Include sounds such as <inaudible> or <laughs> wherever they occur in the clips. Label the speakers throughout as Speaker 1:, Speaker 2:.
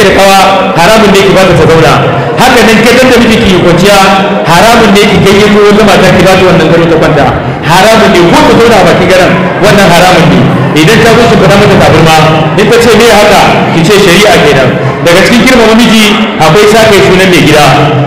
Speaker 1: kake da kawa haramun ne ki ba ta zauna haka nan kai da miji ki kwanciya haramun ne ki ko wata mata ki ba ta wannan gado ta kwanta haramun ne ko zauna a bakin garan wannan haramun ne idan ta zo ki fada mata tabarma in ta ce me haka ki ce shari'a kenan daga cikin girmama miji akwai sake sunan mai gida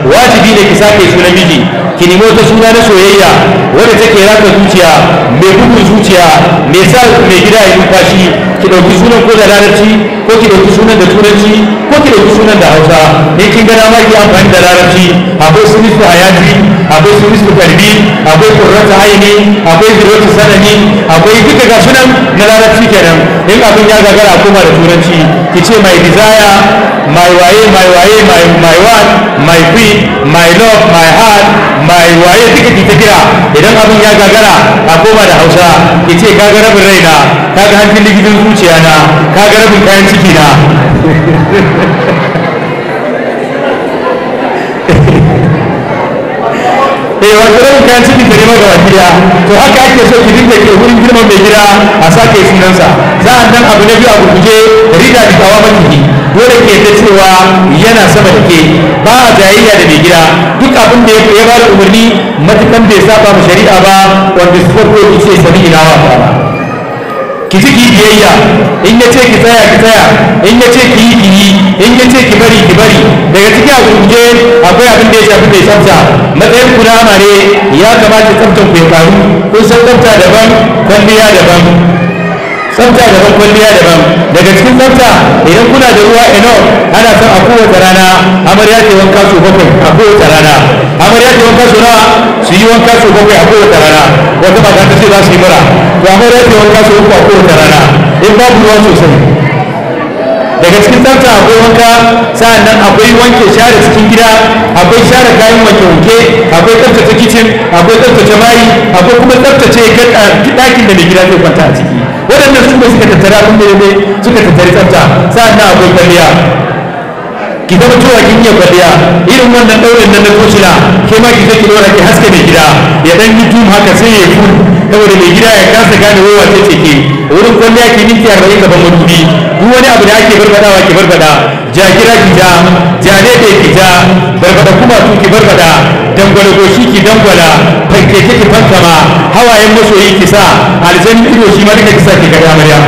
Speaker 1: wajibi ne ki sake sunan miji ki nemi wata suna na soyayya wadda take raka zuciya mai bugun zuciya mai sa mai gida ya numfashi ki ɗauki sunan ko da larabci ko ki ɗauki sunan da turanci ko da sunan da hausa ne kin ga dama ki amfani da larabci akwai su a hayati akwai su nisbu akwai kurrata aini akwai zirwata sanani akwai duka ga sunan na larabci kenan in abin ya gagara koma da turanci ki ce mai bizaya my waye my waye my my what my queen my love my heart my waye take ki ta kira idan abin ya gagara a koma da hausa ki ce kaga rabin raina kaga hankali gidan zuciya na kaga rabin kayan ciki na <laughs> eh wato rabin kayan ciki ka nema gaba gida to haka ake so ki dinga ke wurin girman mai gida a sake sunansa za a nan abu na biyu a gurguje rida da kawa maciji dole ke ta cewa yana sama da ke ba a jayayya da mai gida duk abin da ya ba da umarni matukan bai saba ma shari'a ba wanda su farko ki ce sami ina wa ki ji ki biyayya in ya ce ki tsaya ki tsaya in ya ce ki yi ki yi in ya ce ki bari ki bari daga ciki a gurguje akwai abin da ya shafi mai tsafta matsayin ku na amare ya kamata tsaftan ku ya faru kun san tsafta daban kwalliya daban tsafta daban kwalliya daban daga cikin tsafta idan kuna da ruwa ino ana son a kowace rana amarya ce wanka su bakwai a kowace rana amarya ce wanka su nawa su yi wanka su bakwai a kowace rana wata ba ta ce za su yi mura to amarya ce wanka su uku a kowace rana in babu ruwa sosai daga cikin tsafta akwai wanka nan akwai wanke share cikin gida akwai share kayan wanke wanke akwai tsaftace kicin akwai tsaftace bayi akwai kuma tsaftace eh, ɗakin da mai gida zai kwanta a ciki wadanda su ne suka tattara abin da ya suka tattari tsabta sa'an nan akwai kwalliya idan ga mutuwa kin yi kwaliya irin wannan ɗaurin nan na kusura ke ma ki zai ki ki haske mai gida ya ɗan yi tum haka sai ya yi ful saboda mai gida ya kasa gane wawa ta ce ke wurin kwalliya ki ninki arba'in gaban madubi duk wani abu da ake barbadawa ki barbada jagira ki ja jane da ki ja barbada kuma tu ki barbada dangwala goshi ki dangwala fankeke ki fankama hawayen masoyi ki sa aljanni ido shi ma duka ki sa ki ga amarya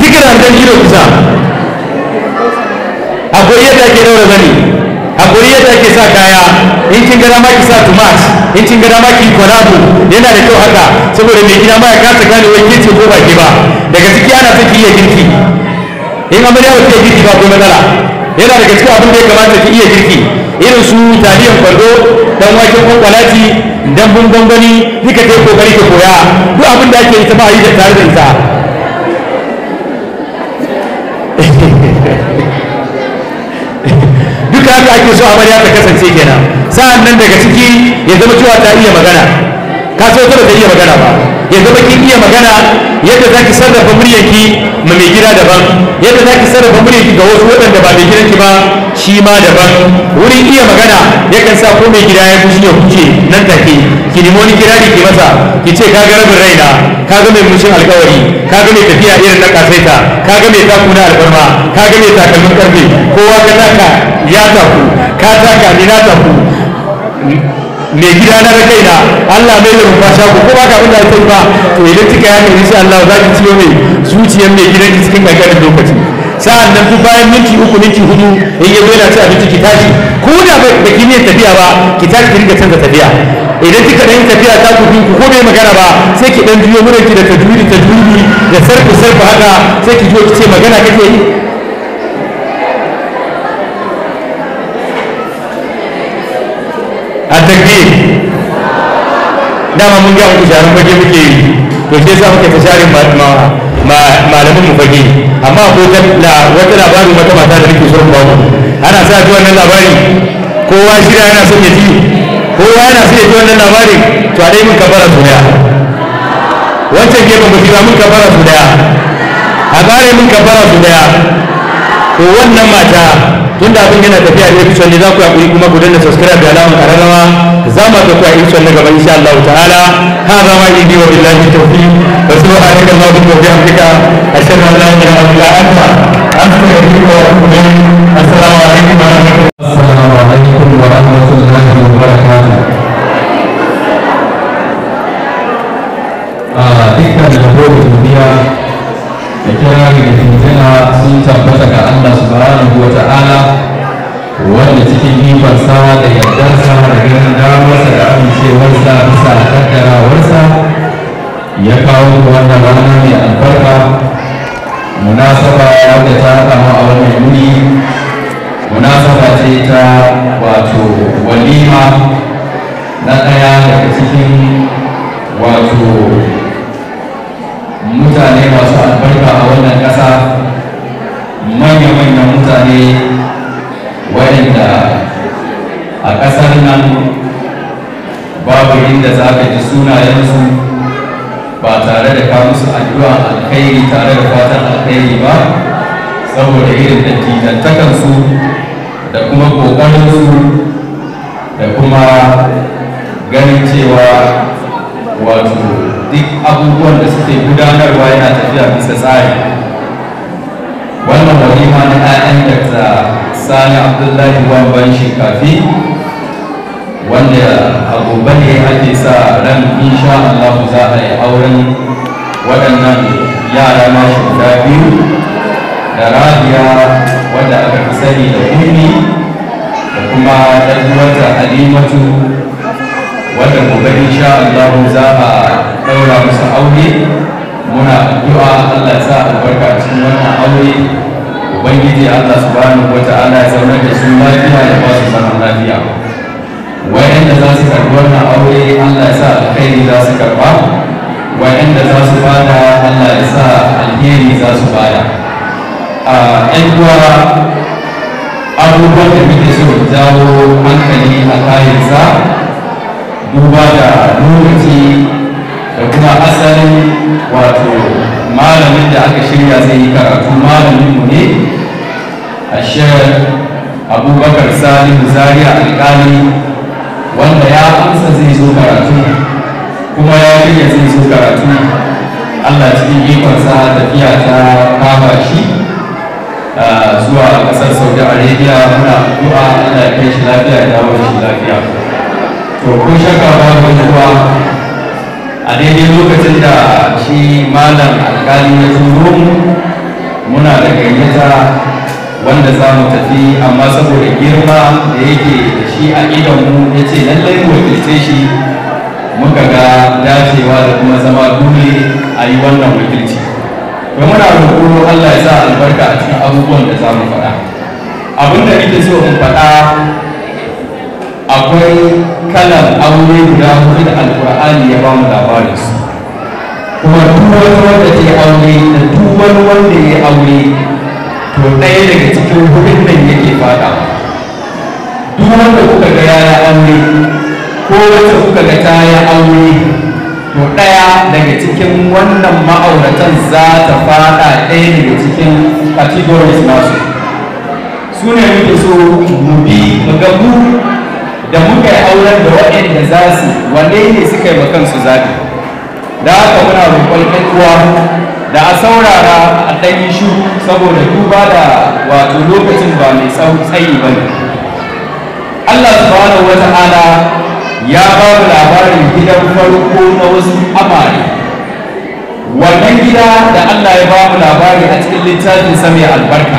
Speaker 1: duka aljanni ido ki sa ako yadda ake daura zani akwai yadda ake sa kaya in kin gada maki sa tumat in kin gada maki kwalabu yana da kyau haka saboda mai gida ma ya kasa gane wai ce ko ba ke ba daga ciki ana son ki iya girki in amarya ba ta girki ba ko matsala yana daga cikin abin da ya kamata ki iya girki irin su taliyan kwando dan waken kwakwalati dambun gwangwani duka ta kokari ka koya duk abin da ake yi ta ba yi da tare da isa da ake so amarya ta kasance kenan sa'an nan daga ciki ya zama cewa ta iya magana ka so ta ta iya magana ba yanzu baki iya magana yadda za ki sarrafa muryarki ma mai gida daban yadda za ki sarrafa muryarki ga wasu waɗanda ba mai gidanki ba shi ma daban wurin iya magana yakan sa ko mai gida ya shi ya kuce nan take ki nemo wani kirari ki masa ki ce ka ga rabin raina ka ga mai mushin alkawari ka ga mai tafiya irin na kasaita ka ga mai taku na alfarma ka ga mai takalmin karfe kowa ka taka ya taku ka taka ni na taku mai gida na da na, Allah mai da rufa shaku ko ba ka abin da ake ba to idan kika ya kai shi Allah za ki ciyo mai zuciyar mai gidan ki cikin kankanin lokaci sa'an nan duk bayan minti uku minti hudu in yi zo yana ci abinci ki tashi ko da ba ki ne tafiya ba ki tashi ki riga canza tafiya idan kika dan tafiya ta ku ku ko bai magana ba sai ki dan juyo ki da tajwidi tajwidi da sarku sarku haka sai ki zo ki ce magana kake yi takbir dama mun ga muku sharan fage muke yi to malamin mu fage amma ko ta wata mata da nake son ana sa ji wannan labari kowa shira yana son ya ji kowa yana son ya ji wannan labari to a dai mun kafara su daya wancan gefen ba shi mun kafara su daya a bare mun kafara su daya to wannan mata tun da abin yana tafiya da fi tsalle za ku yaƙuri kuma ku danna subscribe da alamun ƙararrawa za mu ga kuwa a insha gaba insha Allah ta'ala ha za ma yi biwa billahi tawfiq wa subhanaka allahumma wa a ashhadu an la ilaha anta wa assalamu alaikum wa rahmatullahi
Speaker 2: wa wasa bisa kaddarawarsa ya kawo wannan rana mai albarka munasaba wadda ta kama a wannan yuni munasaba ce ta wato walima na ɗaya daga cikin wato mutane masu albarka a wannan ƙasa manya-manyan mutane waɗanda a ƙasar nan babu inda za ka ji sunayensu ba tare da ka musu addu'a alkhairi tare da fatan alkhairi ba saboda irin su da kuma su da kuma ganin cewa wato duk abubuwan da suke gudanarwa yana tafiya bisa tsari wannan wani na 'ya'yan da sani abdullahi wan ban shinkafi wanda a gobe ne ake sa ran insha Allah za a yi auren waɗannan yara mashi guda biyu da rabiya wadda aka fi sani da ummi da kuma ɗan'uwarta alimatu wadda gobe insha Allah za a ɗaura musu aure muna addu'a Allah ya sa albarka cikin wannan aure ubangiji Allah subhanahu wata'ala ya zaunar da su lafiya ya ba su zaman lafiya wayanda za su karɓi wannan aure Allah ya sa alkhairi za su karɓa wayanda za su bada Allah ya sa alheri za su bada a ɗan uwa abubuwan da muke so jawo hankali a kayansa duba da lokaci da kuma asalin wato malamin da aka shirya zai yi karatu malaminmu ne a abubakar salihu zaria alƙali wanda ya amsa zai zo karatu kuma ya zai zo karatu allah cikin ikonsa tafiya ta kama shi zuwa kasar saudi arabia muna addu'a ana kai shi lafiya ya dawo shi lafiya to ko ba babu kuwa a daidai lokacin da shi malam alkali ya zo muna da gayyata wanda za mu tafi amma saboda girma da yake da shi a idanmu ya ce lallai mu wakilce shi muka ga dacewa da kuma zama dole a yi wannan wakilci to muna roƙo Allah ya sa albarka a cikin abubuwan da za mu faɗa abin da nake so in faɗa akwai kalan aure guda hudu da alƙur'ani ya ba mu labarin su kuma duk wani wanda ya aure da duk wani wanda ya aure to ɗaya daga cikin hudun nan yake fada duk wanda kuka ga yaya aure ko wacce kuka ga ta ya aure to ɗaya daga cikin wannan ma'auratan za ta fada ɗaya daga cikin categories nasu su ne muke so mu bi mu ga mu da muka yi auren da waɗanda za su wanne ne suka yi wa kansu zaɓi da haka muna roƙon ɗan uwa da a saurara a ɗan yi shiru saboda duba da wato lokacin ba mai tsayi ba ne
Speaker 3: allah subhanahu
Speaker 2: wa ta'ala ya ba mu labarin gidan farko na wasu amare wannan gida da allah ya ba mu labari a cikin littafin mai albarka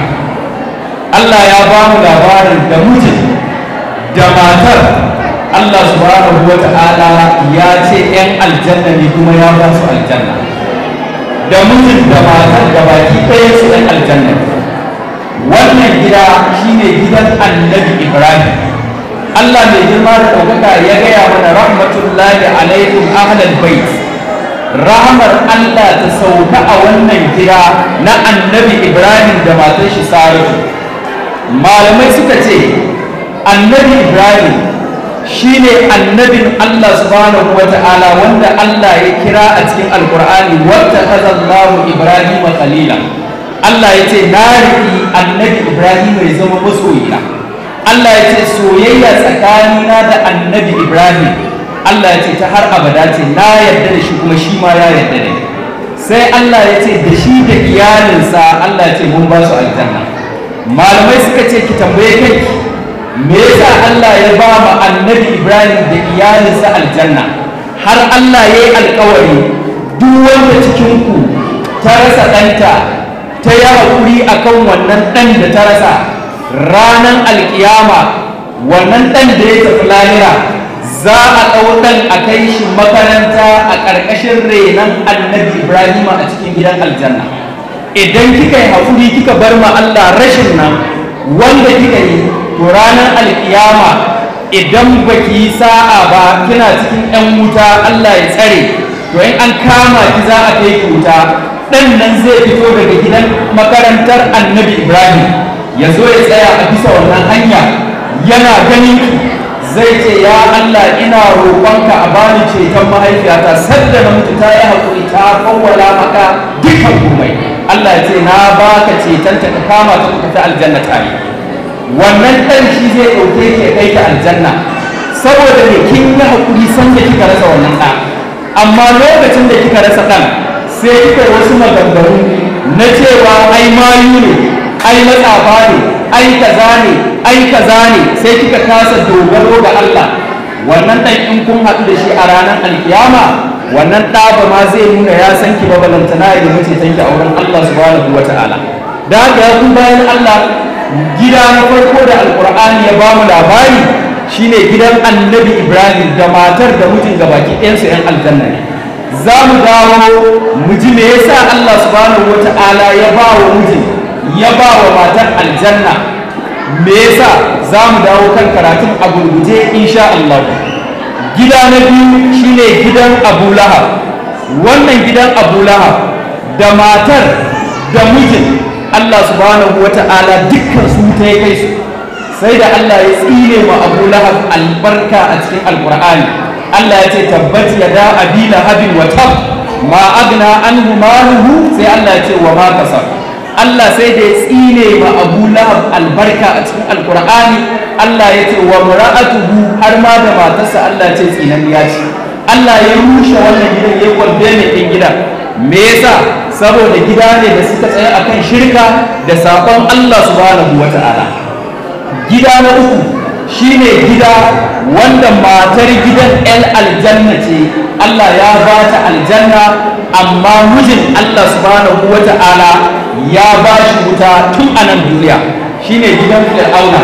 Speaker 2: allah ya ba mu labarin da mutum, da matar allah subhanahu wa ta'ala ya ce 'yan aljanna ne kuma ya ba su aljanna da mutum da matar da baki ɗaya su ɗan aljanna wannan gida shine gidan annabi ibrahim Allah mai girma da ɗaukaka ya gaya mana rahmatullahi alaikum ahlal bait rahamar Allah ta sauka a wannan gida na annabi ibrahim da matar shi saratu malamai suka ce annabi ibrahim shine annabin Allah subhanahu wata'ala wanda Allah ya kira a cikin alkur'ani wata kazallahu ibrahim khalila Allah ya ce na riƙi annabi ibrahim ya zama masoyina Allah ya ce soyayya tsakanina da annabi ibrahim Allah ya ce ta har abada ce na yarda da shi kuma shi ma ya yarda da sai Allah ya ce da shi da iyalinsa Allah ya ce mun ba su aljanna malamai suka ce ki tambaye kai me yasa Allah ya ba mu annabi Ibrahim da iyalinsa aljanna har Allah ya yi alkawari duk wanda cikin ku ta rasa ɗanta ta yi haƙuri a kan wannan ɗan da ta rasa ranar alƙiyama wannan ɗan da ya tafi lahira za a ɗau ɗan a kai shi makaranta a ƙarƙashin renon annabi Ibrahim a cikin gidan aljanna idan kika yi haƙuri kika bar ma Allah rashin nan wanda kika yi to ranar alkiyama idan baki yi sa'a ba kina cikin 'yan wuta Allah ya tsare to in an kama ki za a kai wuta ɗan nan zai fito daga gidan makarantar annabi ibrahim ya zo ya tsaya a bisa wannan hanya yana ganin zai ce ya Allah ina roƙonka a bani ceton mahaifiyata sadda na mutu ta yi haƙuri ta kawwala maka dukkan komai Allah ya ce na baka cetonta ta ka kama ta ka tafi aljanna tare wannan ɗan shi zai ɗauke ki kai ta aljanna saboda ne kin yi hakuri san da kika rasa wannan ɗan amma lokacin da kika rasa ɗan sai kika wasu maganganu na cewa ai mayu ne ai matsafa ne ai kaza ne ai kaza ne sai kika kasa dogaro ga Allah wannan ɗan in kun haɗu da shi a ranar alkiyama wannan ɗa ma zai nuna ya san ki na balantana ya nemi ta a wurin Allah subhanahu wa ta'ala da haka ya bayan Allah gida na farko da alkur'ani ya ba mu labari shine gidan annabi ibrahim da matar da mijin baki 'yan aljanna ne za mu dawo mu ji me yasa Allah subhanahu ya ba wa mijin ya ba wa matar aljanna me yasa za mu dawo kan karatun a gurguje insha Allah gida na biyu shine gidan abu lahab wannan gidan abu lahab da matar da mijin allah subhanahu wa ta'ala dukkan su ta yi kai su sai da allah ya tsine wa abu lahab albarka a cikin alkur'ani allah ya ce tabbat ya da abi lahabin wa tab ma agna anhu maluhu sai allah ya ce wa ma kasar Allah sai da ya tsine ma Abu Lahab albarka a cikin Alkur'ani Allah ya ce wa mura'atuhu har ma da matarsa Allah ce ya ce Allah ya rushe wannan gidan ya kwalbe ne ɗin gida me yasa saboda gida ne da suka tsaya akan shirka da sakon Allah subhanahu wata'ala gida na uku shine gida wanda matar gidan 'yan aljanna ce Allah ya ba ta aljanna amma mijin Allah subhanahu wata'ala ya ba shi wuta tun a nan duniya shine gidan fir'auna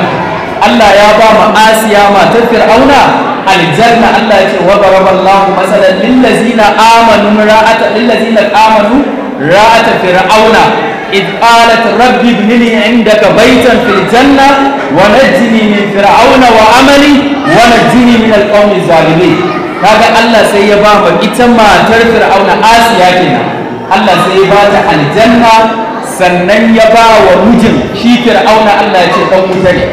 Speaker 2: Allah ya ba ma asiya matar fir'auna aljanna Allah ya ce wa baraballahu masalan lillazina amanu ra'ata lillazina amanu ra'ata fir'auna إذ قالت رب ابن janna, عندك بيتا في fir'auna wa من فرعون وعملي ونجني من القوم الظالمين kaga Allah sai ya ba ita matar Fir'auna Asiya kenan Allah sai ya ba ta aljanna sannan ya ba wa mijin shi fir'auna Allah ya ce ɗan wuta ne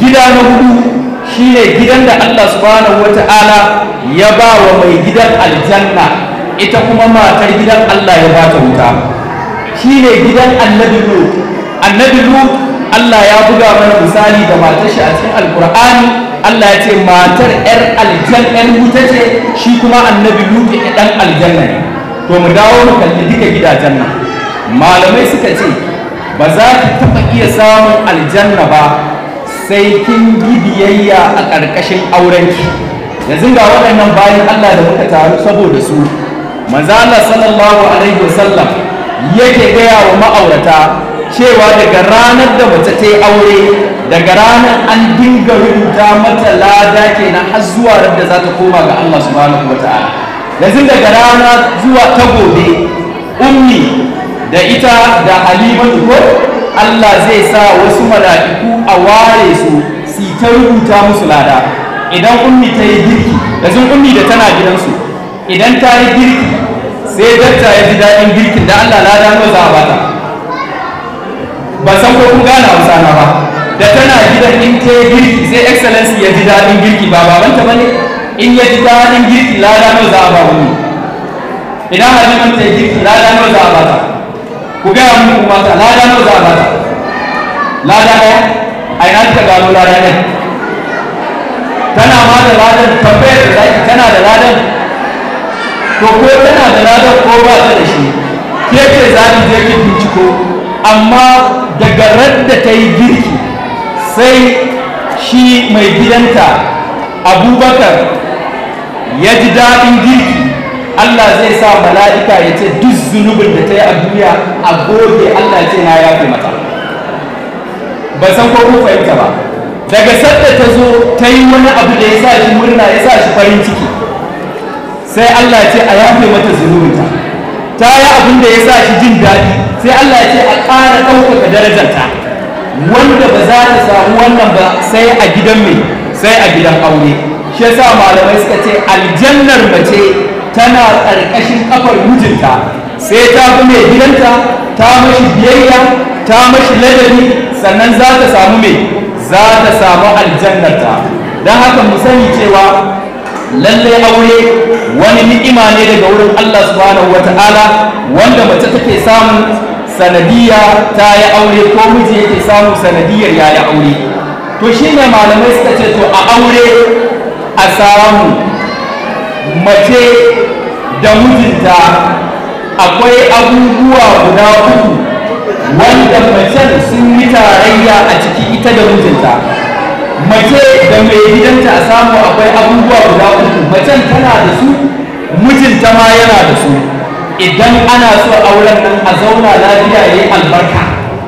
Speaker 2: gida na hudu shine gidan da Allah subhanahu wata'ala ya ba wa mai gidan aljanna ita kuma matar gidan Allah ya ba ta wuta shine gidan annabi lu annabi lu Allah ya buga mana misali da matar shi a cikin alkur'ani Allah ya ce matar yar aljanna wuta ce shi kuma annabi lu ɗan aljanna ne to mu dawo mu kalli duka gidajen nan malamai suka ce ba za ka taɓa iya samun aljanna ba sai kin yi biyayya a ƙarƙashin aurenki yanzu ga waɗannan bayan Allah da muka taru saboda su manzo Allah sallallahu alaihi wasallam yake gaya wa ma'aurata cewa daga ranar da mace ta yi aure daga ranar an dinga rubuta mata lada kenan har zuwa da za ta koma ga Allah subhanahu wata'ala yanzu daga rana zuwa ta gobe ummi da ita da halimatu ko Allah zai sa wasu mala'iku a ware su su ta rubuta musu lada idan ummi ta yi girki da sun ummi da tana gidansu idan ta yi girki sai datta ya ji daɗin girkin da Allah lada ko za a bata ba san ko kun gane hausa na ba da tana gidan in ta yi girki sai excellency ya ji daɗin girki ba babanta ba ne in ya ji daɗin girki lada ko za a ba wani idan halimanta ya girki lada ko za a bata ku gaya mun kuma ta lada nawa za a bata lada ne a ina ta gano lada ne tana ma da ladan tambayar da zaki tana da ladan to ko tana da ladan ko ba ta da shi ke ke za ki je ki binciko amma daga randa ta yi girki sai shi mai gidanta abubakar ya ji daɗin girki Allah zai sa mala'ika ya ce duk zunubin da ta yi a duniya a goge Allah ce na yafe mata ba san ko kun fahimta ba daga sadda ta zo ta yi wani abu da ya sa shi murna ya sa shi farin ciki sai Allah ce a yafe mata zunubin ta Ta yi abin da ya sa shi jin daɗi sai Allah ce a ƙara ɗaukaka darajarta wanda ba za ta samu wannan ba sai a gidan mai sai a gidan aure shi yasa malamai suka ce aljannar mace tana ƙarƙashin ƙafar mijinta sai ta fi mai gidanta ta mashi biyayya ta mashi ladabi sannan za ta samu mai za ta samu aljannarta don haka mu sani cewa lalle aure wani ni'ima ne daga wurin Allah subhanahu wata'ala wanda mace take samu sanadiyya ta yi aure ko miji yake samu sanadiyyar ya yi aure to shine malamai suka ce to a aure a samu mace da mijinta akwai abubuwa guda uku wanda macen sun yi tarayya a ciki ita da mijinta mace da mai gidanta a samu akwai abubuwa guda uku macen tana da su mijinta ma yana da su idan ana so auren nan a zauna lafiya yi albarka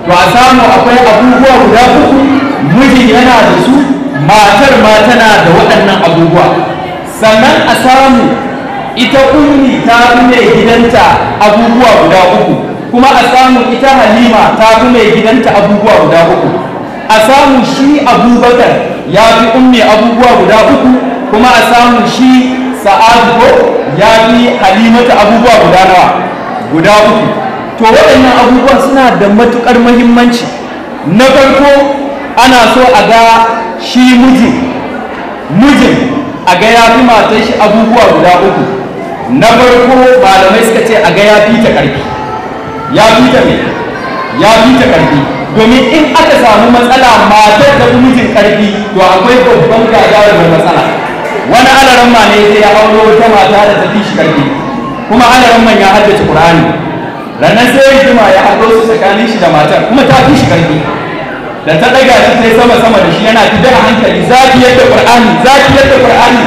Speaker 2: to a samu akwai abubuwa guda uku mijin yana da su matar ma tana da waɗannan abubuwa sannan a samu ita ummi ta fi mai gidanta abubuwa guda uku kuma a samu ita halima ta fi mai gidanta abubuwa guda uku a samu shi abubakar ya fi ummi abubuwa guda uku kuma a samu shi sa'adu ko ya fi halimata abubuwa guda nawa guda uku to waɗannan abubuwa suna da matuƙar muhimmanci na farko ana so a ga shi mijin mijin a ga ya fi matan shi abubuwa guda uku na farko malamai suka ce a ga ya fi ta karfi ya fi ta me ya fi ta karfi domin in aka samu matsala matar da mijin karfi to akwai babban gagarumar matsala wani alaran ma ne ya auro wata mata da ta fi shi karfi kuma alaran man ya haddace qur'ani ranar sai ya ya auro su tsakanin shi da matar kuma ta fi shi karfi da ta daga shi sai sama sama da shi yana tafiya a hankali zafi yadda qur'ani zafi yadda qur'ani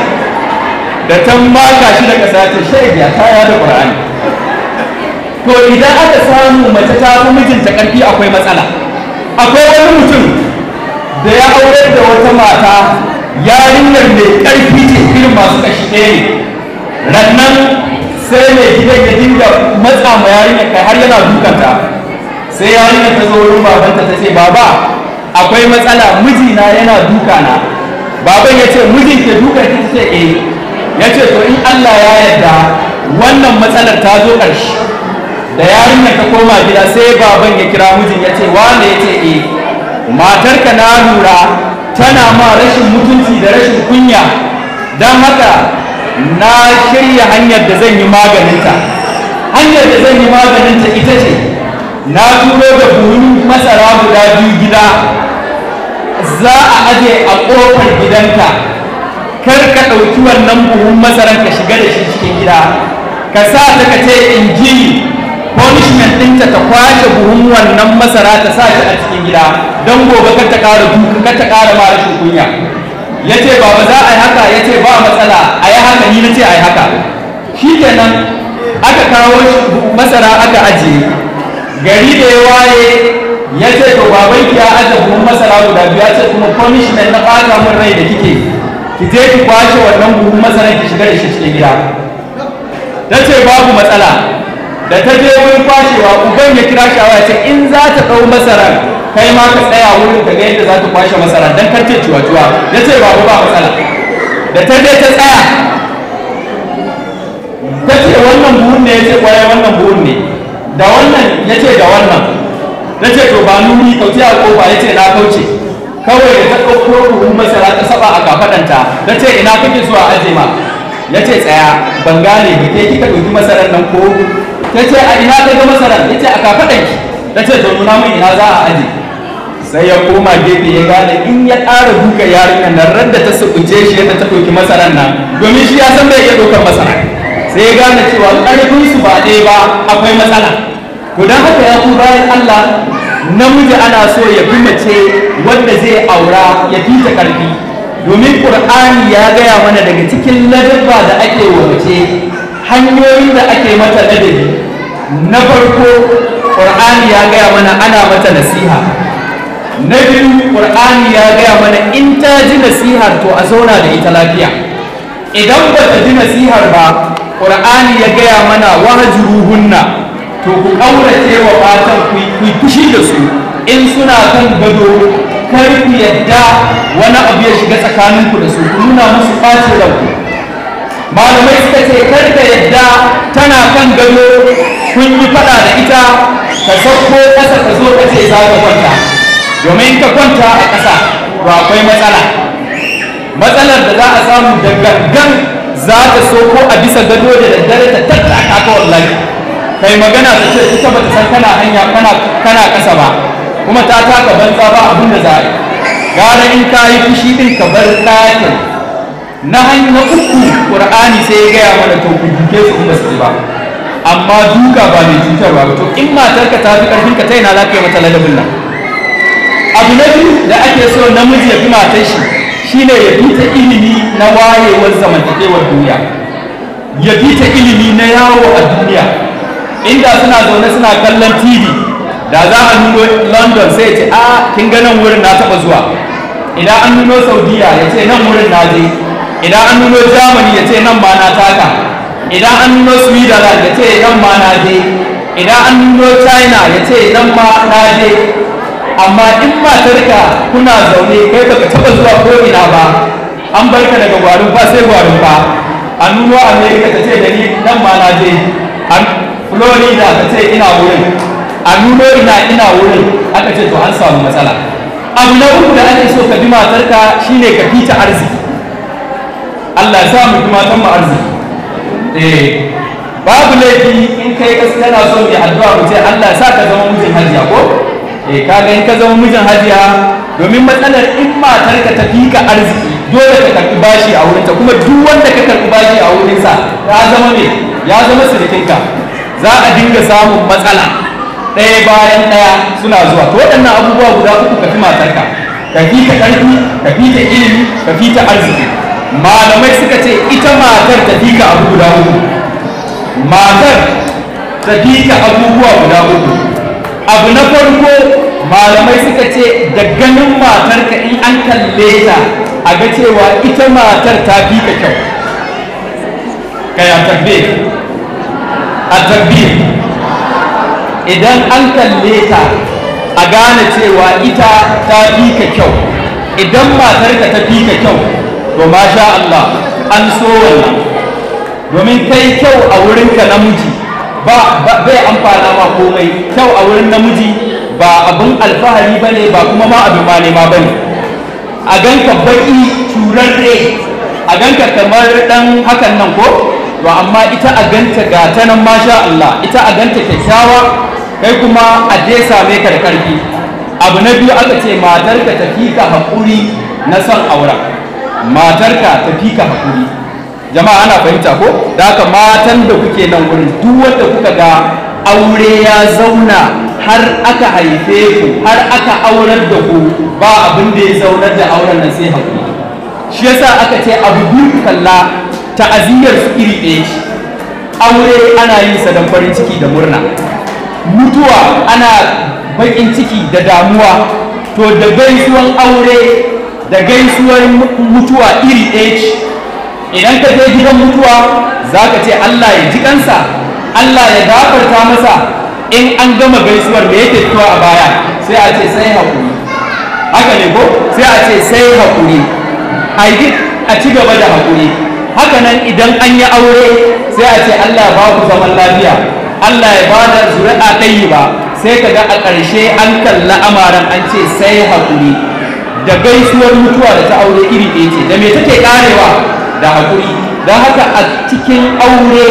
Speaker 2: da ta maka shi da kasa ta ya taya da qur'ani to idan aka samu mace ta fi mijinta ƙarfi akwai matsala akwai wani mutum da ya aure da wata mata yarinyar mai karfi ce irin masu kashi ɗaya ne rannan sai mai gidan ya dinga matsa ma yarinyar kai har yana dukanta sai yarinyar ta zo wurin babanta ta ce baba akwai matsala mijina yana duka na baban ya ce mijin ke duka ki ce eh ya ce to in Allah ya yarda wannan matsalar ta zo ƙarshe da yarinyar ta koma gida sai baban ya kira mijin ya ce wanda ya ce eh matarka na lura tana ma rashin mutunci da rashin kunya don haka na shirya hanyar da zan yi maganinta hanyar da zan yi maganin maganinta ita ce na turo da buru masara guda biyu gida za a aje a ƙofar gidanka kar ka ɗauki wannan buhun masaran ka shiga da shi cikin gida ka sa ta ka ce in ji punishment ɗinta ta kwace buhun wannan masara ta sa shi a cikin gida don gobe kar ta ƙara duka kar ta ƙara mara rashin kunya
Speaker 4: ya ce baba za a yi haka ya ce ba matsala
Speaker 2: a yi haka ni na ce a yi haka shi kenan aka kawo masara aka ajiye gari da ya waye ya ce to baban ki ya aje kuma masara guda biyu ya ce kuma punishment na fata mun rai da kike ki je ki kwashe wannan buhun masara ki shiga da shi cikin gida ta ce babu matsala da ta je wurin kwashewa uban ya kira shawa ya ce in za ta ɗau masaran kai ma ka tsaya wurin ka ga yadda za ta kwashe masara don kar ce ciwa-ciwa ya ce babu ba matsala da ta je ta tsaya ta ce wannan buhun ne ya ce kwaye wannan buhun ne da wannan ya ce da wannan na ce to ba nuni kauce a kofa ya ce na kauce kawai da ta ɗauko ruhun masara ta saba a kafaɗanta na ce ina kake zuwa azima ya ce tsaya ban gane ba ke kika ɗauki masarar nan ko ta ce a ina ka ga masarar ya ce a kafaɗanki na ce to na mun ina za a aje sai ya koma gefe ya gane in ya ƙara duka yarinyar nan ran da ta sukunce shi yadda ta ɗauki masarar nan domin shi ya san bai iya ɗaukar masarar sai ya gane cewa su ba ɗaya ba akwai matsala ku don haka ya ku bayan allah namiji ana so ya fi mace wanda zai aura ya fi ta ƙarfi domin ƙur'ani ya gaya mana daga cikin ladabba da ake wa mace hanyoyin da ake mata ladabi na farko ƙur'ani ya gaya mana ana mata nasiha na biyu ƙur'ani ya gaya mana in ta ji nasihar to a zauna da ita lafiya idan ba ta ji nasihar ba ƙura'ani ya gaya mana ruhunna, to ku ƙaurace wa matan ku yi fushi da su in suna kan gado kar ku yadda wani abu ya shiga tsakaninku da su ku nuna musu ɓacin ku. malamai suka ce kar ka yadda tana kan gado kun yi faɗa da ita ka sauko ƙasa ka zo ka ce za ka kwanta domin ka kwanta a ƙasa to akwai matsala matsalar da za a samu da gangan za ta so ko a bisa gado da daddare ta tattara ka wallahi kai magana ta ce ita bata san kana hanya kana kana kasa ba kuma ta taka banza ba abin da za gara in ka yi fushi din ka bar ɗakin na hanya uku qur'ani sai ya gaya mana to ku duke su kuma su ba amma duka ba mai cutarwa ba to in matarka ta fi karfin ka ta yana lafiya mata ladabin nan abu na biyu da ake so namiji ya fi matar shi shine ya bi ta ilimi na wayewar zamantakewar duniya ya bi ta ilimi na yawo a duniya inda suna zaune suna kallon tv da za a nuno london sai ya ce a kin ganin wurin na taɓa zuwa idan an nuno saudiya ya ce nan wurin na je idan an nuno germany ya ce nan ma na taka idan an nuno sweden ya ce nan ma na je idan an nuno china ya ce nan ma na je amma in matarka kuna zaune kai baka taba zuwa ko ina ba an bar ka daga gwarin ba sai gwarin ba a nuno america ta ce da ni nan ma na je a florida ta ce ina wurin a nuno ina ina wurin aka ce to an samu matsala abu na uku da ake so ka bi matarka shine ka bi ta arziki allah ya mu bi matan mu arziki eh babu laifi in kai kasu na so mai addu'a mu ce allah ya sa ka zama mijin hajiya ko eh kaga in ka zama mijin hajiya domin matsalar in matar ka ta fika arziki dole ka karbi bashi a wurinta kuma duk wanda ka karbi bashi a wurinsa ya zama ne ya zama sirikinka za a dinga samun matsala ɗaya bayan ɗaya suna zuwa to waɗannan abubuwa guda uku ka fi matarka ka fi ta ƙarfi ka fi ta ilimi ka fi ta arziki malamai suka ce ita matar ta fi ka abu guda uku matar ta fi ka abubuwa guda uku abu na farko malamai suka ce da ganin matarka in an kalle ta a ga cewa ita matar ta fi ka kyau kaya tabbir a tabbir idan an kalle ta a gane cewa ita ta fi ka kyau idan matarka ta fi ka kyau to masha Allah an so wannan domin kai kyau a wurinka namiji ba bai amfana ma komai kyau a wurin namiji ba abin alfahari ba ne ba kuma ma abin ma nema ba ne a ganka baki turarre a ganka kamar ɗan hakan nan ko wa amma ita a ganta ga ta nan masha Allah ita a ganta kyakkyawa kai kuma a je same ka da karfi abu na biyu aka ce matarka ta fi ka haƙuri na son aura matarka ta fi ka haƙuri jama'a ana fahimta ko da haka matan da kuke nan wurin duk wanda kuka ga aure ya zauna har aka haife ku har aka aurar da ku ba abin da ya zaunar da auren nan sai haƙuri shi yasa aka ce abu biyu kalla aziyar su iri ɗaya shi. aure ana yin sa don farin ciki da murna mutuwa ana baƙin ciki da damuwa to da gaisuwan aure da gaisuwar mutuwa iri ɗaya shi. idan ka je gidan mutuwa za ka ce allah ya ji kansa allah ya gafarta masa in an gama gaisuwar me yake fitowa a baya sai a ce sai haƙuri haka ne ko sai a ce sai haƙuri a ci gaba da haƙuri haka nan idan an yi aure sai a ce allah ya ba ku zaman lafiya allah ya ba da zuri'a ɗayi ba sai ka ga a ƙarshe an kalla amaran an ce sai haƙuri da gaisuwar mutuwa da ta aure iri ɗaya ce da me take ƙarewa da haƙuri don haka a cikin aure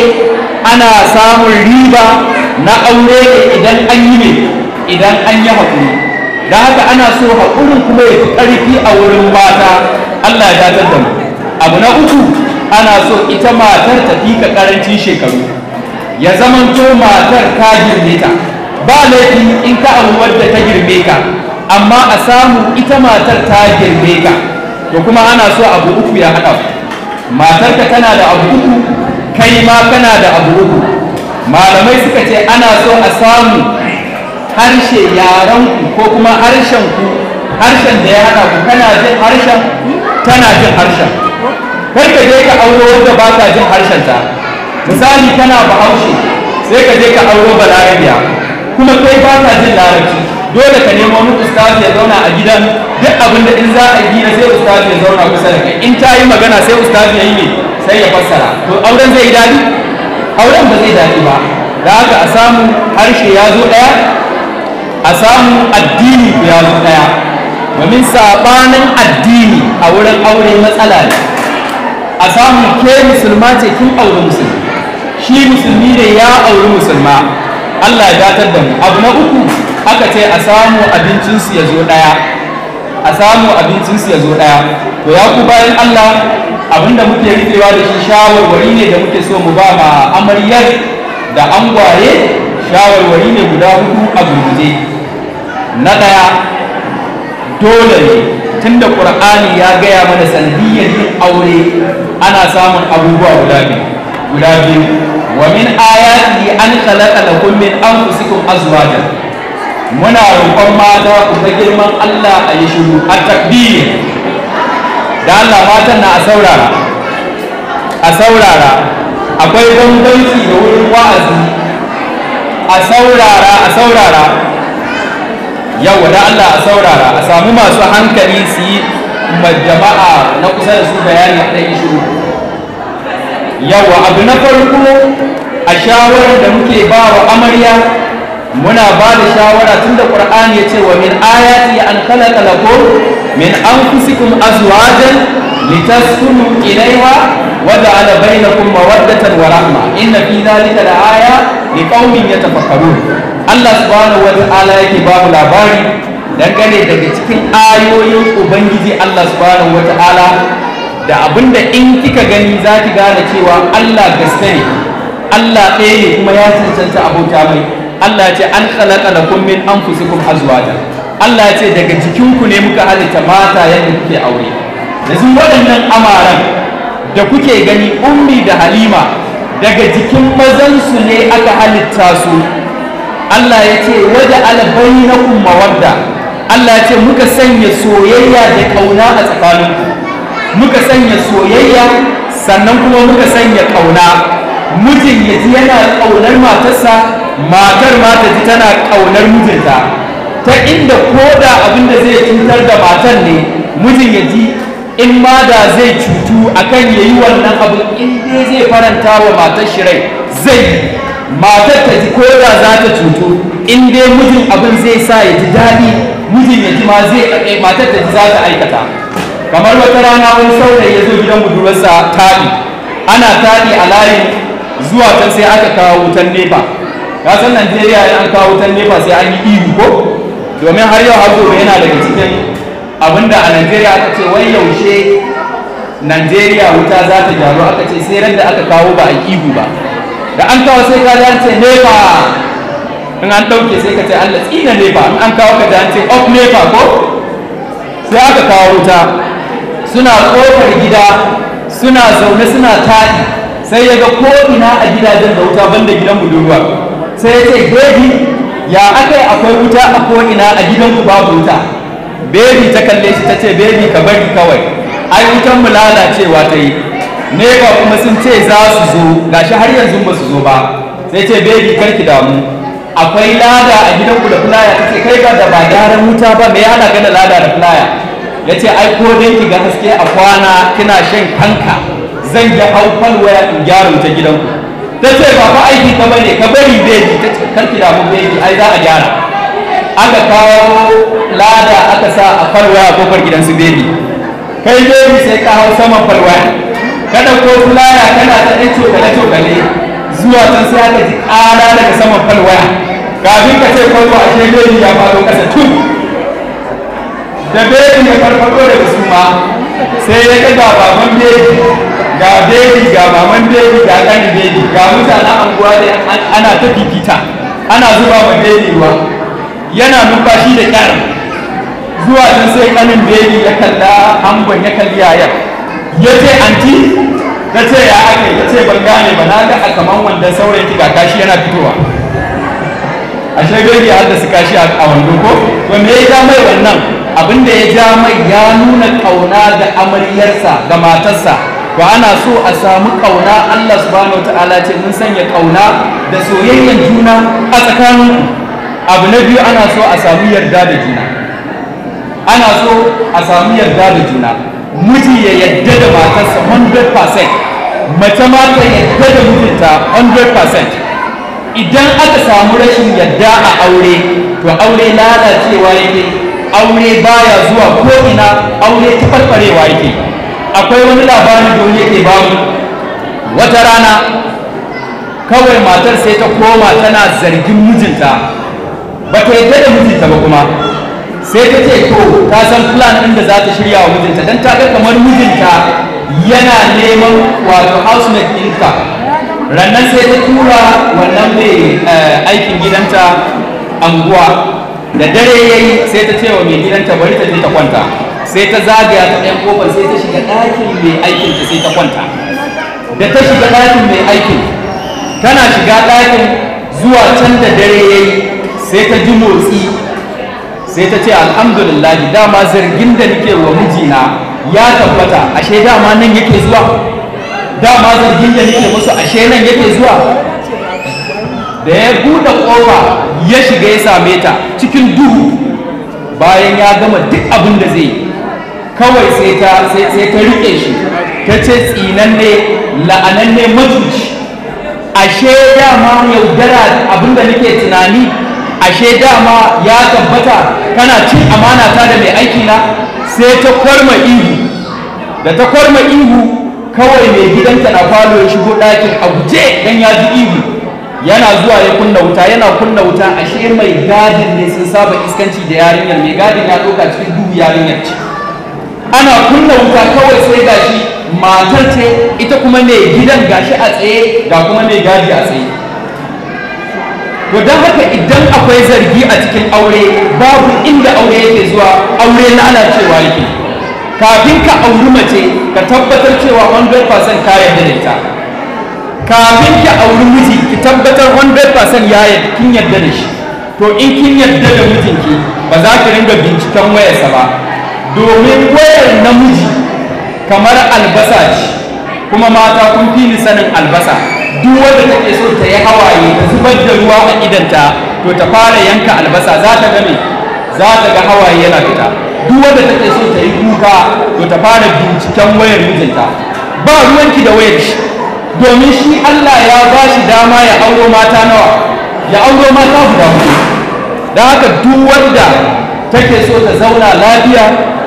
Speaker 2: ana samun riba na aure idan an yi ne idan an yi haƙuri da haka ana so haƙurin kuma ya fi ƙarfi a wurin mata Allah ya dadar da mu abu na uku ana so ita matar ta fika ƙarancin shekaru ya zamanto matar ta girme ta ba laifi in ka abu wadda ta girme ka amma a samu ita matar ta girme ka to kuma ana so abu uku ya haɗa matarka tana da abu uku kai ma kana da abu uku malamai suka ce ana so a samu harshe ku ko kuma harshen ku harshen da ya hada ku kana jin harshen tana jin harshen
Speaker 4: kar ka je ka auro
Speaker 2: wanda ba ta jin harshen ta misali kana bahaushe sai ka je ka auro balarabiya kuma kai ba ta jin larabci dole ka nemo wani ustazi ya zauna a gidan duk abin da in za a gina sai ustazi ya zauna kusa da kai in ta yi magana sai ustazi ya yi ne sai ya fassara to auren zai yi daɗi auren ba zai daɗi ba da haka a samu harshe ya zo ɗaya a samu addini ya zo ɗaya domin saɓanin addini a wurin aure matsala ne a samu ke musulma ce kin auri musulmi shi musulmi ne ya auri musulma Allah ya datar da mu abu na uku aka ce a samu abincinsu ya zo ɗaya a samu abincinsu ya zo ɗaya to ya ku bayan Allah abinda muke rikewa da shi shawarwari ne da muke so mu ba ma amaryar da an angwaye shawarwari ne guda hudu a gurguje na ɗaya dole ne da ƙur'ani ya gaya mana sanadiyyar yin aure ana samun abubuwa guda biyu wa min ayati an khalaqa lakum min anfusikum azwajan muna roƙon mata ku ga girman Allah a yi shiru a takbir da Allah matan na a saurara a saurara akwai bambanci da wurin wa'azi a saurara a saurara yau da Allah a saurara a samu masu hankali su yi majjama'a na kusa da su bayani a ɗan shiru yawa abu na farko a shawarar da muke ba wa amarya muna ba da shawara tun da ƙur'ani ya ce wa min ayati an kala-kala ko? min anfusikum azwajan litaskunu ilayha wa ja'ala bainakum mawaddatan wa rahma aya, fi dhalika ya liqaumin yatafakkarun Allah subhanahu wa ta'ala yake babu labari dangane daga cikin ayoyin ubangiji Allah subhanahu wa ta'ala da abinda in kika gani za ki gane cewa Allah gaske Allah ɗaya ne kuma ya cancanta abota mai Allah ce an khalaqa lakum min anfusikum azwajan Allah ya ce daga jikinku ne muka halitta mata yadda kuke aure yanzu waɗannan amaran da kuke gani ummi da halima daga jikin mazansu ne aka halitta su Allah ya ce waje albai na mawadda Allah ya ce muka sanya soyayya da ƙauna a tsakaninku muka sanya soyayya sannan kuma muka sanya ƙauna mijin ya yana ƙaunar matarsa matar ma ta ji tana ƙaunar mijinta ta inda koda abin da zai cutar da matan ne mijin ya ji in ma da zai cutu akan ya yi wannan abin in dai zai faranta wa matar shi rai zai matar ta ji koda za ta cutu in dai mijin abin zai sa ya ji daɗi mijin ya ji ma zai eh, matar ta ji za ta aikata kamar wata rana wani saurayi ya zo gidan budurwarsa taɗi ana taɗi a layin zuwa can sai aka kawo wutan nefa ya san najeriya an kawo wutan nefa sai an yi ihu ko domin har yau har gobe yana daga cikin da a najeriya aka ce wai yaushe najeriya wuta za ta gyaru aka ce sai ran da aka kawo ba a ihu ba da an kawo sai ka ce nefa in an ɗauke sai ka ce allah tsina nefa in an kawo ka an of nefa ko sai aka kawo wuta suna kofar gida suna zaune suna taɗi sai ya ga ko ina a gidajen da wuta banda gidan budurwa sai ya ce gobi ya aka yi akwai wuta a ko'ina a gidanku babu wuta bebi ta kalle shi ta ce bebi ka bari kawai ai wutan mu lalacewa ta yi ba kuma sun ce za su zo gashi har yanzu ba su zo ba sai ce bebi karki damu akwai lada a gidanku da fulaya ta ce kai ba da ba gyaran wuta ba me yana gana lada da fulaya ya ce ai ko dai ki ga haske a kwana kina shan kanka zan ya hau waya in gyara wuta gidanku ta ce ba fa aiki ka bane ka bari beji ta ce karki da mu beji ai za a gyara aka kawo lada aka sa a farwa a kofar gidan su beji kai beji sai ka hau saman farwa kada ko fulaya kana ta ɗan cokale cokale zuwa can sai aka ji ƙara daga saman falwa kafin ka ce farwa a ce beji ya faɗo ƙasa tun da beji ya da su ma sai ya ɗaga baban beji ga maman dai ga ɗan dai ga mutanen anguwa da ana ta fifita ana zuba ma dai ruwa yana numfashi da kyar zuwa can sai kanin dai ya kalla angon ya kalli yaya ya ce anti na ce ya ake?" ya ce ban gane ba na ga a kaman wanda saurayin ki ga kashi yana fitowa ashe har ya su kashi a wando ko wanda ya mai wannan Abin da ya ja mai ya nuna kauna da amaryarsa ga matarsa wa ana so a samu kauna Allah subhanahu ta'ala ce mun sanya kauna da soyayyen
Speaker 4: juna a
Speaker 2: tsakanin abu na biyu ana so a samu yarda da juna ana so a samu yarda da juna miji ya yarda da matarsa 100% mace ma ta yarda da mijinta 100% idan aka samu rashin yarda a aure to aure lalacewa yake aure baya zuwa ko ina aure tafarfarewa yake akwai wani labarin da wani yake bamu wata rana kawai matar sai ta koma tana zargin mijinta ba ta yi da mijinta ba kuma sai ta ce to ta san plan ɗin da za ta shirya wa mijinta don ta ga kamar mijinta yana neman wato housemate ɗinta rannan sai ta tura wannan mai eh, aikin gidanta anguwa da dare ya yi sai ta ce wa mai gidanta bari ta je ta kwanta sai ta zagaya ta ɗan kofar sai ta shiga ɗakin mai aikin ta sai ta kwanta da ta shiga ɗakin mai aikin tana shiga ɗakin zuwa can da dare ya yi, sai ta ji motsi sai ta ce alhamdulillah dama zargin da nake wa mijina ya tabbata ashe dama nan yake zuwa dama zargin da nake musu ashe nan yake zuwa da ya buɗe ƙofa ya shiga ya same ta
Speaker 4: cikin duhu
Speaker 2: bayan ya gama duk abin da zai yi kawai sai ta sai ta rike shi ta ce tsinanne la'ananne majuci ashe dama yaudara abinda nake tunani ashe dama ya tabbata kana cin amana ta da mai aiki na sai ta kwarma ihu da ta kwarma ihu kawai mai gidanta na falo ya shigo ɗakin a guje don ya ji ihu yana zuwa ya kunna wuta yana kunna wuta ashe mai gadin ne sun saba iskanci da yarinyar mai gadin ya ɗauka cikin duhu yarinyar ce ana kunna wuta kawai sai gashi matar ce ita kuma ne gidan gashi a tsaye ga kuma ne gadi a tsaye don haka idan akwai zargi a cikin aure babu inda aure yake zuwa aure lalacewa yake kafin ka auri mace ka tabbatar cewa 100% ka yarda da ita kafin ka auri miji ki tabbatar 100% ya kin yarda da shi to in kin yarda da mijinki ba za ki ringa binciken wayarsa ba domin wayar namiji kamar albasa ce kuma mata kun fi ni sanin albasa duk wanda take so ta yi hawaye ta zubar da ruwa a idanta to ta fara yanka albasa za ta ga me za ta ga hawaye yana fita duk wanda take so ta yi kuka to ta fara binciken wayar mijinta ba ruwanki da wayar shi domin shi Allah ya ba shi dama ya auro mata nawa ya auro mata guda hudu da haka duk wanda take so ta zauna lafiya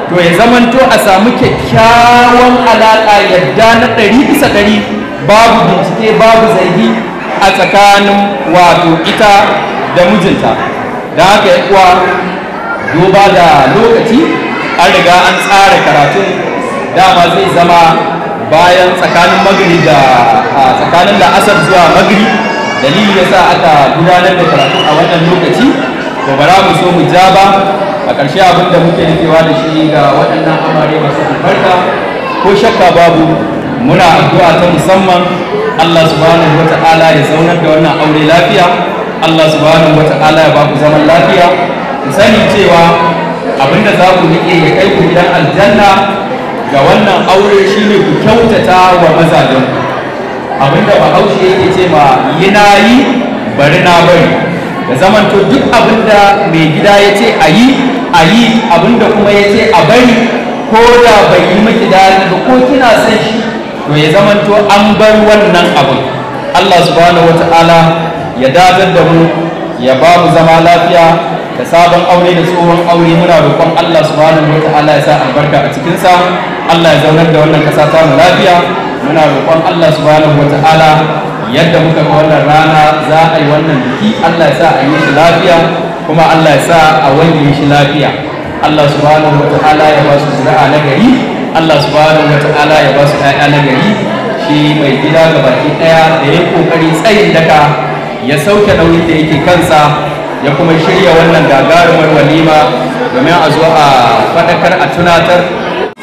Speaker 2: to ya zamanto a samu kyakkyawan alaƙa yadda na ɗari bisa ɗari babu bincike babu zargi a tsakanin wato ita da mijinta da haka ya kuwa duba da lokaci an riga an tsara karatu. dama zai zama bayan tsakanin magari da tsakanin la'asar zuwa magari dalili ya sa aka gudanar da karatu a wannan lokaci ba bara mu so mu ja ba a ƙarshe abin da muke rikewa da shi ga waɗannan amare masu albarka ko shakka babu muna addu'a ta musamman Allah subhanahu wa ta'ala ya zaunar da wannan aure lafiya Allah subhanahu wa ta'ala ya ba zaman lafiya ku sani cewa abinda za ku rike ya kai ku gidan aljanna ga wannan aure shine ku kyautata wa mazajen abinda bahaushe yake ce ma yi na yi bari na bari da zamanto duk abinda mai gida ya ce a yi a yi abinda kuma ya ce a bari ko da bai yi miki daɗi ba ko kina san shi to ya zamanto an bar wannan abin Allah subhanahu wata'ala ya dadar da mu ya ba mu zama lafiya da sabon aure da tsohon aure muna roƙon Allah subhanahu wata'ala ya sa albarka a cikinsa Allah ya zaunar da wannan kasa ta mu lafiya muna roƙon Allah subhanahu wata'ala yadda muka ga wannan rana za a yi wannan biki Allah ya sa a yi shi lafiya kuma Allah ya sa a wani shi lafiya Allah subhanahu wa ta'ala ya ba su zira'a na gari Allah subhanahu wa ta'ala ya ba su ɗaya na gari shi mai gida ga baki ɗaya da ya kokari tsayin daka ya sauke nauyin da yake kansa ya kuma shirya wannan gagarumar walima domin a zo a faɗakar a tunatar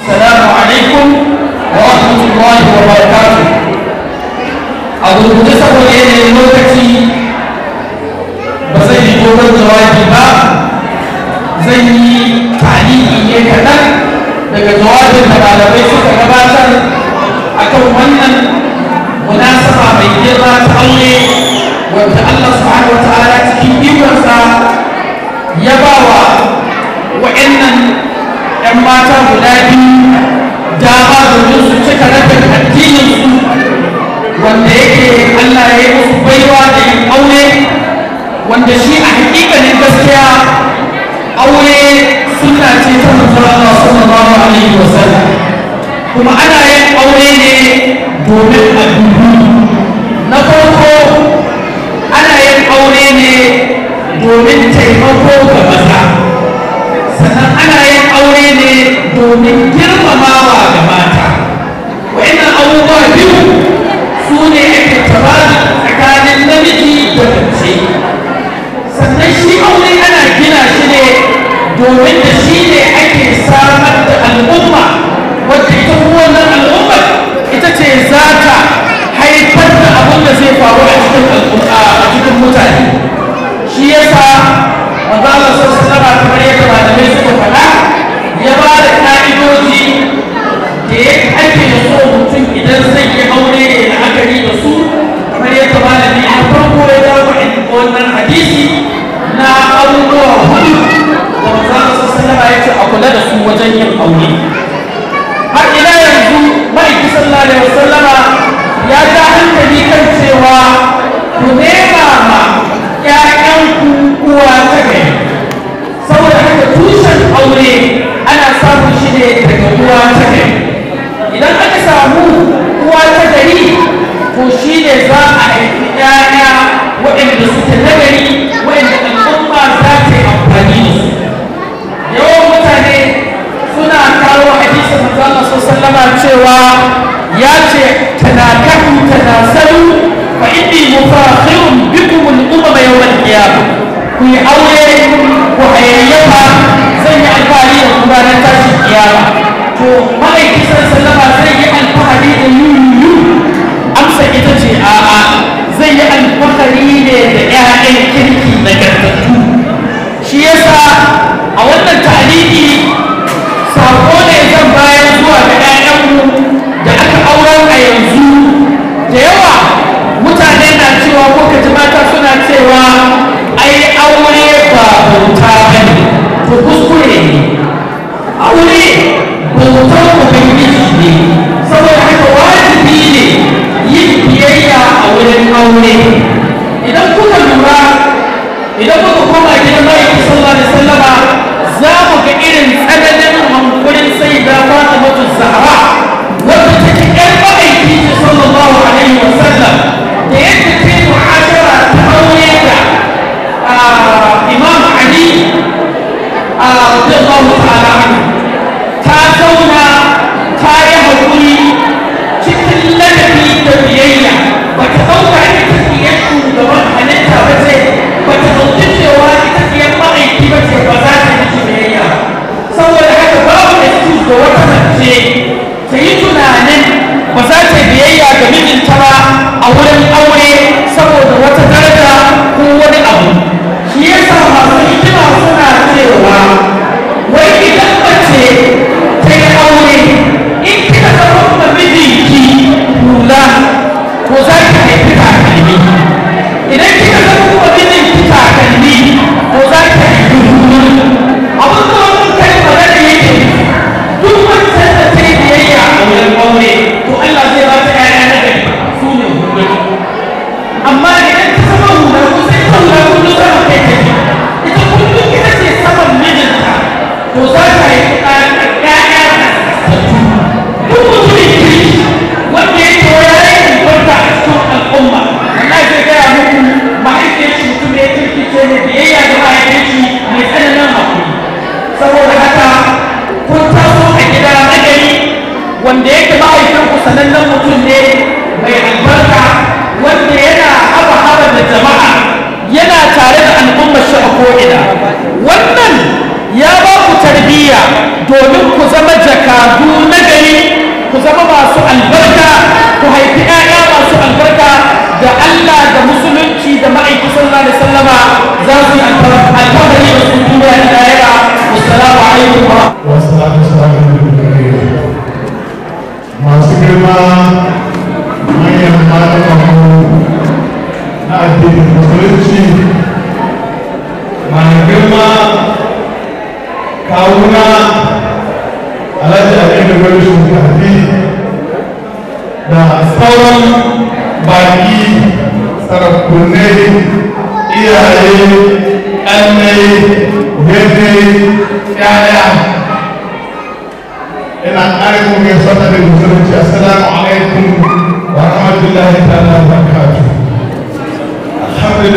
Speaker 4: salamu alaikum wa rahmatullahi wa
Speaker 3: barakatuh a saboda yanayin lokaci zai yi dogon jawabi ba zai yi taliki ne kaɗan daga
Speaker 2: jawabin da malamai suka gabatar akan wannan munasaba mai girma ta aure wanda Allah subhanahu wataala cikin ikonsa ya ba wa wa'annan 'yan mata guda biyu dama domin su cika rabin addinin su wanda yake Allah ya yi musu baiwa da yin aure wanda shi a hakikanin gaskiya aure
Speaker 3: suna ce ta mutum Allah sallallahu alaihi wa sallam kuma ana yin aure ne domin a na farko ana
Speaker 2: yin aure ne domin taimako ga maza sannan ana yin aure ne domin girmamawa ga mata wa'innan abubuwa biyu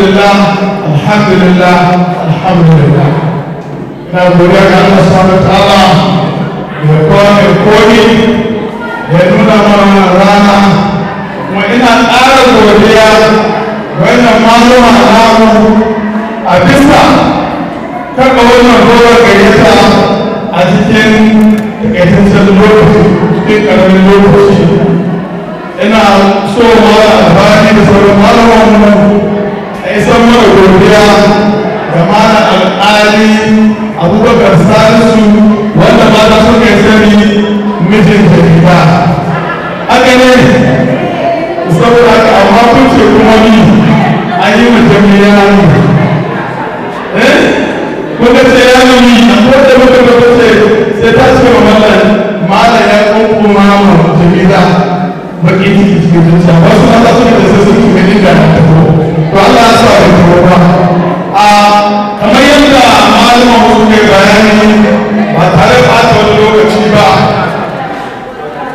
Speaker 3: لله الحمد لله الحمد لله نبريك نعم، الله سبحانه وتعالى يكون الكوني ينونا مرانا رانا وإن الأرض وليا وإن مالوما رانا أبسا كما قلنا هو كيسا أجتين كيسا سلموك تكرم الموكوشي إن سوى الله أباني بسر مالوما رانا isar mana godiya da mana al'ali abubakar salisu wanda mata suka sani mijin jarida haka ne saboda haka amma kun ce kuma ni an yi mutum ya yi eh kuka ce ya yi a kowace mutum da ce sai ta ce wa mallan mallan ya ma jarida bakin ciki cikin zuciya wasu mata suka da sai suke da to Allah ya sa da kuma a ah, kamar yadda malamin mu ke bayani ba tare ba ta wani lokaci ba a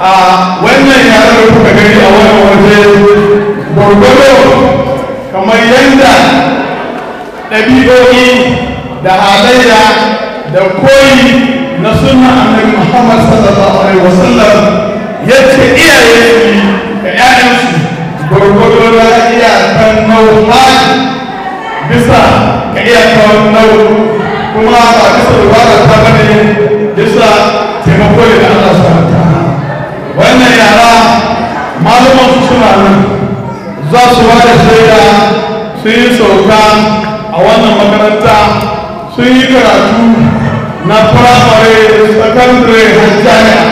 Speaker 3: ah, wannan yaran da kuka gani a wannan waje gwargwado kamar yadda ɗabi'o'i da halayya da koyi na sunna annabi Muhammad sallallahu alaihi wasallam yace iyaye ga 'ya'yansu gwargwado na iyakan mawuhani bisa ga iyakar nau'u kuma ba bisa dubara ta bane bisa taimako ne da Allah subhanahu wannan yara malaman su suna nan za su ba da shaida sun yi sauka a wannan makaranta sun yi karatu na firamare sakandare har jami'a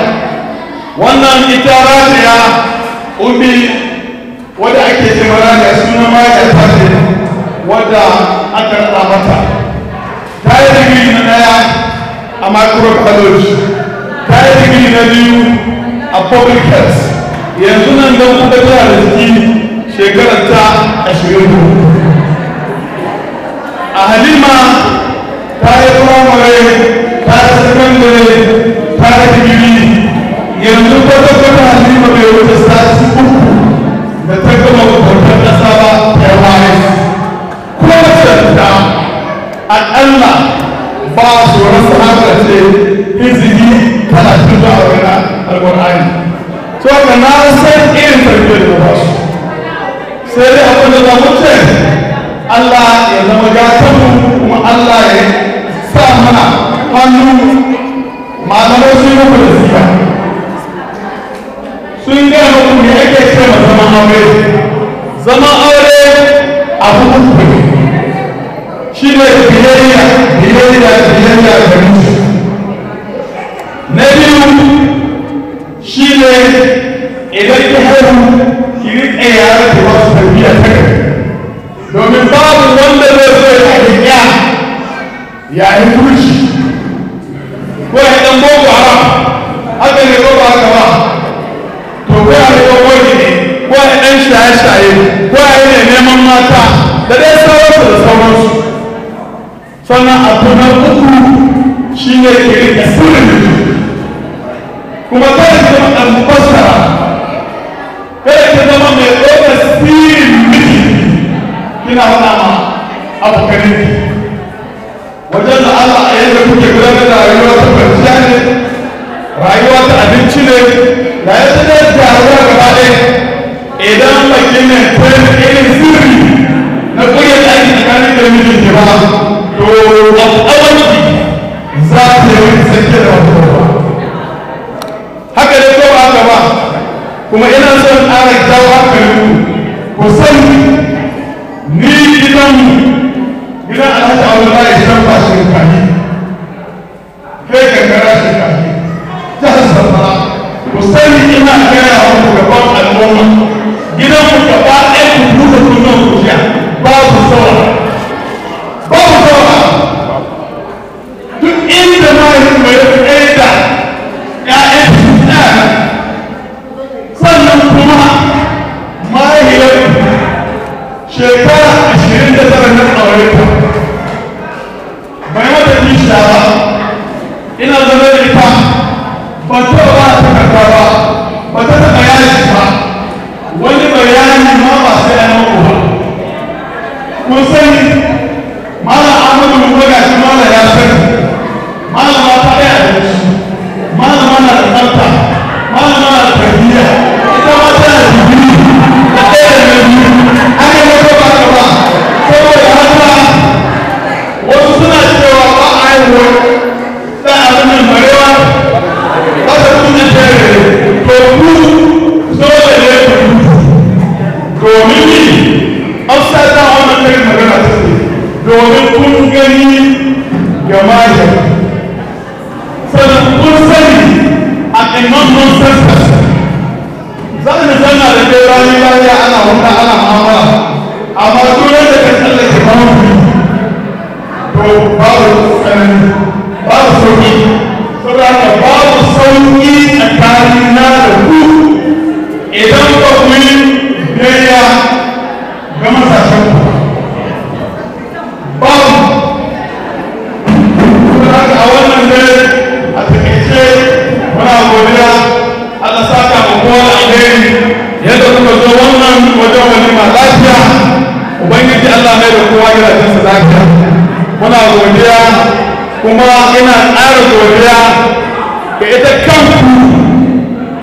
Speaker 3: wannan ita rajiya umi wadda ake ce da suna maraya ta wadda aka rada mata ta yi digiri na daya a college ta yi digiri na biyu a public health yanzu nan don kuka zuwa da jiki shekarar ta a ashirin a halima ta yi primary ta yi secondary ta yi digiri yanzu kwata-kwata halima bai wuce sati uku da ta gama bautar ƙasa ba ta wayes kowace ta ba su rasa izini to ga na san irin ba su sai dai da zamu ce Allah ya zama Allah ya sa mana hannu malamai sun sun gaya muku ne ake ce ma aure zama aure abu uku shi ne biyayya biyayya Lord. gama lafiya ubangiji allah mai da kowa gidajensa lafiya muna godiya kuma ina ƙara godiya ga ita kanku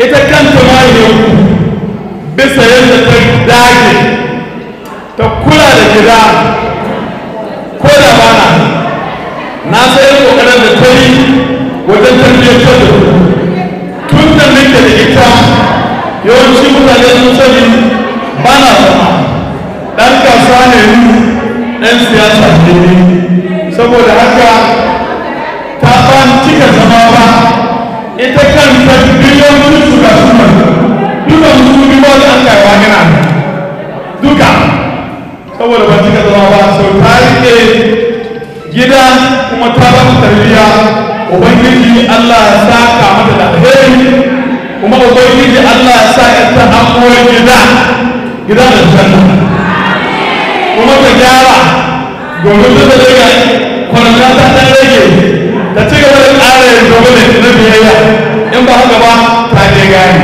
Speaker 3: ita kanta mahaifiyarku bisa yadda ta dage ta kula da gida ko da bana na sai kokarin da ta yi wajen tarbiyyar da tun da nake da ita yawanci mutane sun sani bana ba kasuwa ni ɗan siyasa ne saboda haka ta ba cika zama ba ita kanta ta su ga su nan duka musu biliyoyin an kaiwa gina duka saboda ba cika zama ba sau ta rike gida kuma ta ba ta tarbiyya ubangiji allah ya sa kamata da alheri kuma ubangiji allah ya sa ka ta amuwar gida gida da janna kuma ta gyara domin duk da daga kwanata ta ɗan rage ta ci gaba da ƙara yin domin na biyayya in ba haka ba ta je gani.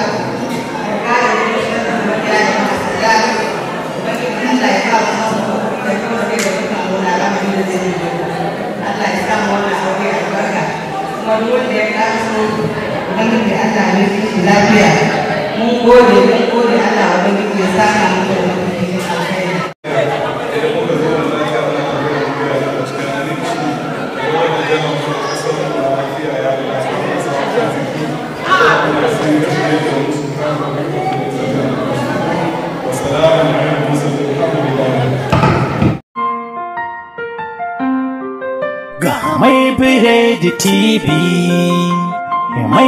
Speaker 2: ubangiji Allah ya fi shi lafiya mun gode mun gode Allah ubangiji ya saka muku da mutunci
Speaker 1: Ga bire da TV